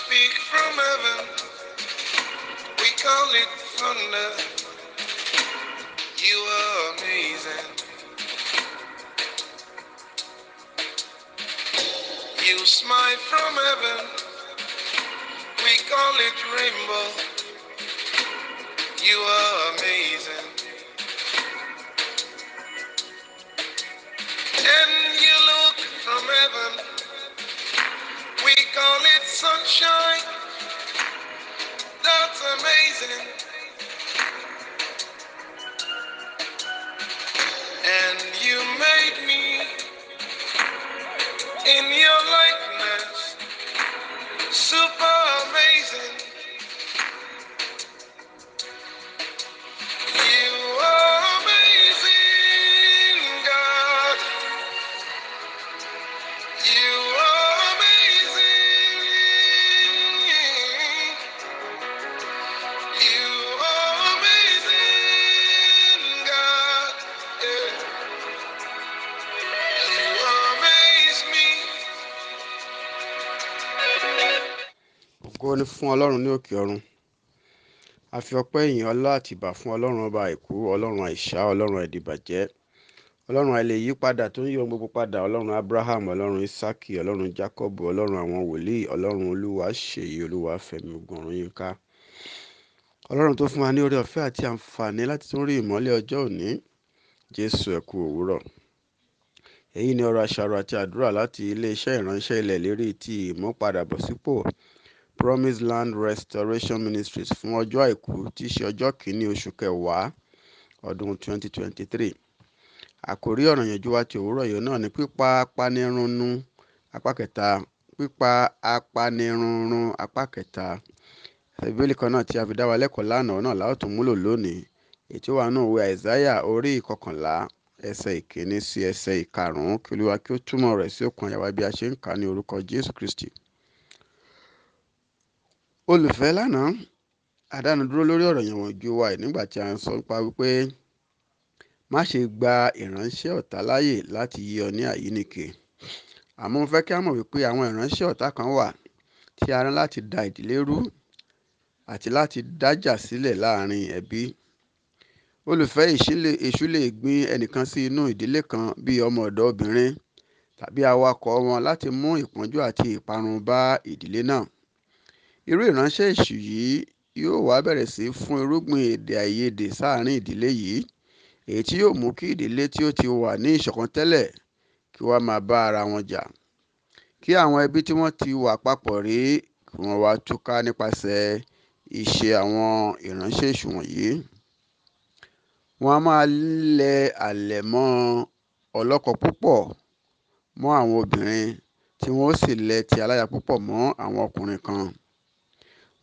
speak from heaven. We call it thunder. You are amazing. You smile from heaven. We call it rainbow. You are amazing. And you look from heaven. We call it sunshine. That's amazing. And you made me in your likeness. Super. ògo ni fún ọlọ́run ní òkè ọ̀run a fi ọpẹ́ ìyìn ọlá àtìbà fún ọlọ́run ọba àìkú ọlọ́run àìṣá ọlọ́run ẹ̀dìbàjẹ́ ọlọ́run àìlè yí padà tó ń yí ohun gbogbo padà ọlọ́run abraham ọlọ́run isaki ọlọ́run jacob ọlọ́run àwọn wòlíì ọlọ́run olúwa ṣèyí olúwa fẹ̀mí ogun ọ̀run yín ká ọlọ́run tó fún wa ní orí ọ̀fẹ́ àti àǹfààní láti tún rí ìmọ́lẹ̀ ọjọ́ òní jésù ẹ̀kú òwúrọ̀ èyí ni ọ̀rọ̀ àṣàrò àti àdúrà láti iléeṣẹ́ ìránṣẹ́ ilẹ̀ lérí ti ìmúpadàbọ̀sípò promise land restoration ministries fún ọjọ́ àìkú tí í ṣe ọjọ́ kìíní oṣù kẹwàá ọdún 2023 àkórí ọ̀ràn yànjú wa ti òwúrọ̀ yìí náà ni pípa apanirunnu apá kẹta pípa apanirunrun apá kẹta bíbélì kan náà tí a fi dá wa lẹ́kọ̀ọ́ lánàá náà la ó tún múlò lónìí ètò wa náà wé àìsáyà orí ìkọkànlá ẹsẹ̀ ìkíní sí ẹsẹ̀ ìkarùn-ún kí olúwa kí ó túmọ̀ rẹ̀ sí òkun àyàwá bí a ṣe ń kà ní orúkọ jésù kristi olùfẹ́ lánàá àdáni dúró lórí ọ̀rọ̀ yẹn wọ̀n ju wa nígbà tí a ń sọ nípa wípé má ṣe gba ìránṣẹ́ ọ̀tá láàyè láti yí ọ ní àyíníke àmọ́ mo fẹ́ kí a mọ̀ wípé àwọn ìránṣẹ́ ọ̀tá kan wà tí a rán láti da ìdílé rú àti láti dájà sílẹ̀ láàrin ẹbí olùfẹ́ èṣù lè gbin ẹnìkan sí inú ìdílé kan bíi ọmọ ọ̀dọ́ obìnrin tàbí awakọ̀ wọn láti mú ìpọ́njú àti ìparun bá ìdílé náà irú ìránṣẹ́ èṣù yìí yóò wá bẹ̀rẹ̀ sí fún irúgbìn èdè àìyedè sáàárín ìdílé yìí èyí tí yóò mú kí ìdílé tí ó ti wà ní ìṣọ̀kan tẹ́lẹ̀ kí wọ́n máa bá ara wọn jà kí àwọn ẹbí tí wọ́n ti wà papọ̀ rí kí wọ́n wá túká nípasẹ̀ ìṣe àwọn ìránṣẹ́ èṣù wọ̀nyí wọ́n á máa lẹ àlẹ̀mọ́ ọlọ́kọ púpọ̀ mọ́ àwọn obìnrin tí wọ́n sì lẹ ti aláya púpọ̀ mọ́ àwọn ọkùnrin kan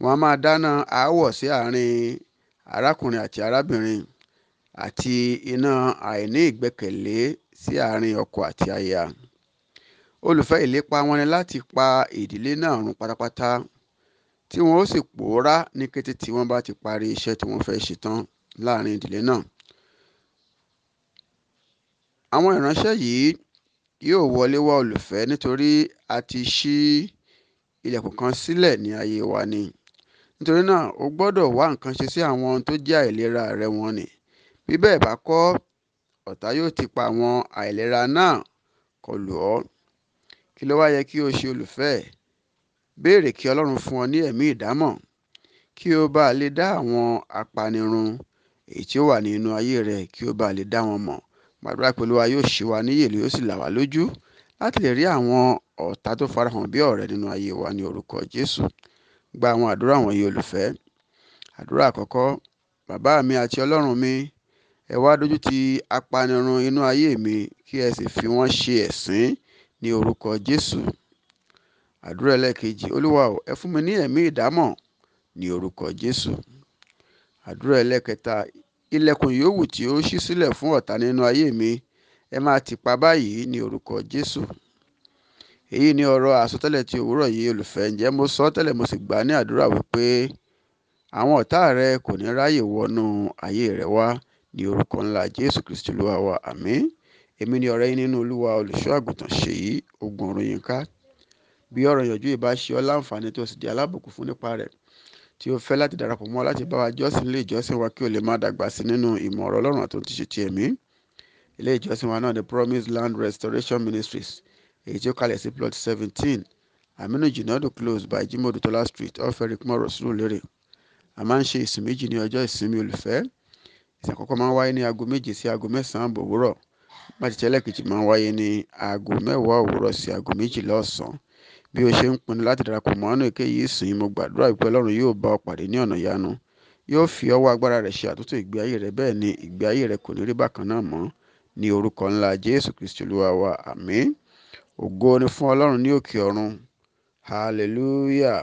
wọ́n á máa dáná aáwọ̀ sí àárín arákùnrin àti arábìnrin àti iná àìní ìgbẹ́kẹ̀lé sí àárín ọkọ àti aya olùfẹ́ ìlépa wọn ni láti pa ìdílé náà run pátápátá tí wọn ó sì pòórá ní kété tí wọ́n bá ti parí iṣẹ́ tí wọ́n fẹ́ ṣe tán láàrin ìdílé náà àwọn ìránṣẹ́ yìí yóò wọlé wá olùfẹ́ nítorí a ti ṣí ilẹ̀kùn kan sílẹ̀ ní ayé wa ni nítorí náà o gbọ́dọ̀ wá nǹkan ṣe sí àwọn tó jẹ́ àìlera rẹ wọ́n ni bí bẹ́ẹ̀ bá kọ́ ọ̀tá yóò ti pa àwọn àìlera náà kọlù ọ́ kí ló wá yẹ kí o ṣe olùfẹ́ béèrè kí ọlọ́run fún ọ ní ẹ̀mí ìdámọ̀ kí o bá lè dá àwọn apanirun èyí tí ó wà nínú ayé rẹ kí o bá lè dá wọn mọ̀ gbàdúrà pé olúwa yóò ṣe wa níyè yóò sì là wá lójú láti lè rí àwọn ọ̀tá tó farahàn bí ọ̀rẹ́ nínú ayé wa ní orúkọ jésù Gba àwọn àdúrà wọ̀nyí olùfẹ́. Àdúrà àkọ́kọ́, Bàbá mi àti Ọlọ́run mi, ẹ wá dojú ti apanirun inú ayé mi kí ẹ sì fi wọ́n ṣe ẹ̀sín ní orúkọ Jésù. Àdúrà ẹlẹ́ẹ̀kejì, Olúwa o, ẹ fún mi ní ẹ̀mí ìdámọ̀ ní orúkọ Jésù. Àdúrà ẹlẹ́ẹ̀kẹta, ilẹ̀kùn yòówù tí ó ṣí sílẹ̀ fún ọ̀tá nínú ayé mi, ẹ máa tìpa báyìí ní orúkọ Jésù èyí ni ọ̀rọ̀ àsọtẹ́lẹ̀ ti òwúrọ̀ yìí olùfẹ́ ǹjẹ́ mo sọ tẹ́lẹ̀ mo sì gbà ní àdúrà wípé àwọn ọ̀tá rẹ kò ní ráyè wọnú ayé rẹ wá ní orúkọ ńlá jésù kristu olúwa wa àmín èmi ni ọ̀rẹ́ yín nínú olúwa olùṣọ́ àgùntàn ṣèyí ogun ọ̀run yín ká bí ọ̀rọ̀ ìyànjú ìbá ṣe ọ́ láǹfààní tó sì di alábùkún fún nípa rẹ̀ tí o fẹ́ láti darapọ̀ mọ́ láti bá wa jọ́sìn ilé ìjọsìn wa kí o lè máa dàgbà sí nínú ìmọ̀ ọ̀rọ̀ ọlọ́run àti ohun ti ṣe ti ẹ̀mí ilé ìjọsìn wa náà ni promise land restoration ministries èyí tí ó kalẹ̀ sí plot seventeen aminu junaidu close by jimodu tola street off eric moro sùúrù lérè a máa ń ṣe ìsìn méjì ní ọjọ́ ìsinmi olùfẹ́ ìsìn àkọ́kọ́ máa ń wáyé ní aago méje sí aago mẹ́sàn-án àbọ̀ òwúrọ̀ bàtìtì ẹlẹ́kejì máa ń wáyé ní aago mẹ́wàá òwúrọ̀ sí aago méjìlá ọ̀sán bí o ṣe ń pinnu láti darapọ̀ mọ́ àánú èkéyìí ìsìn mo gbàdúrà wípé ọlọ́run yóò bá ọ pàdé ní ọ̀nà ìyanu yóò fi ọwọ́ agbára rẹ̀ ṣe àtúntò ìgbé ayé rẹ̀ bẹ́ẹ̀ ni ìgbé ayé rẹ̀ kò ní rí bákan náà mọ́ ní orúkọ ńlá jésù kristu olúwa wa àmín ògo ni fún ọlọ́run ní òkè ọ̀run hallelujah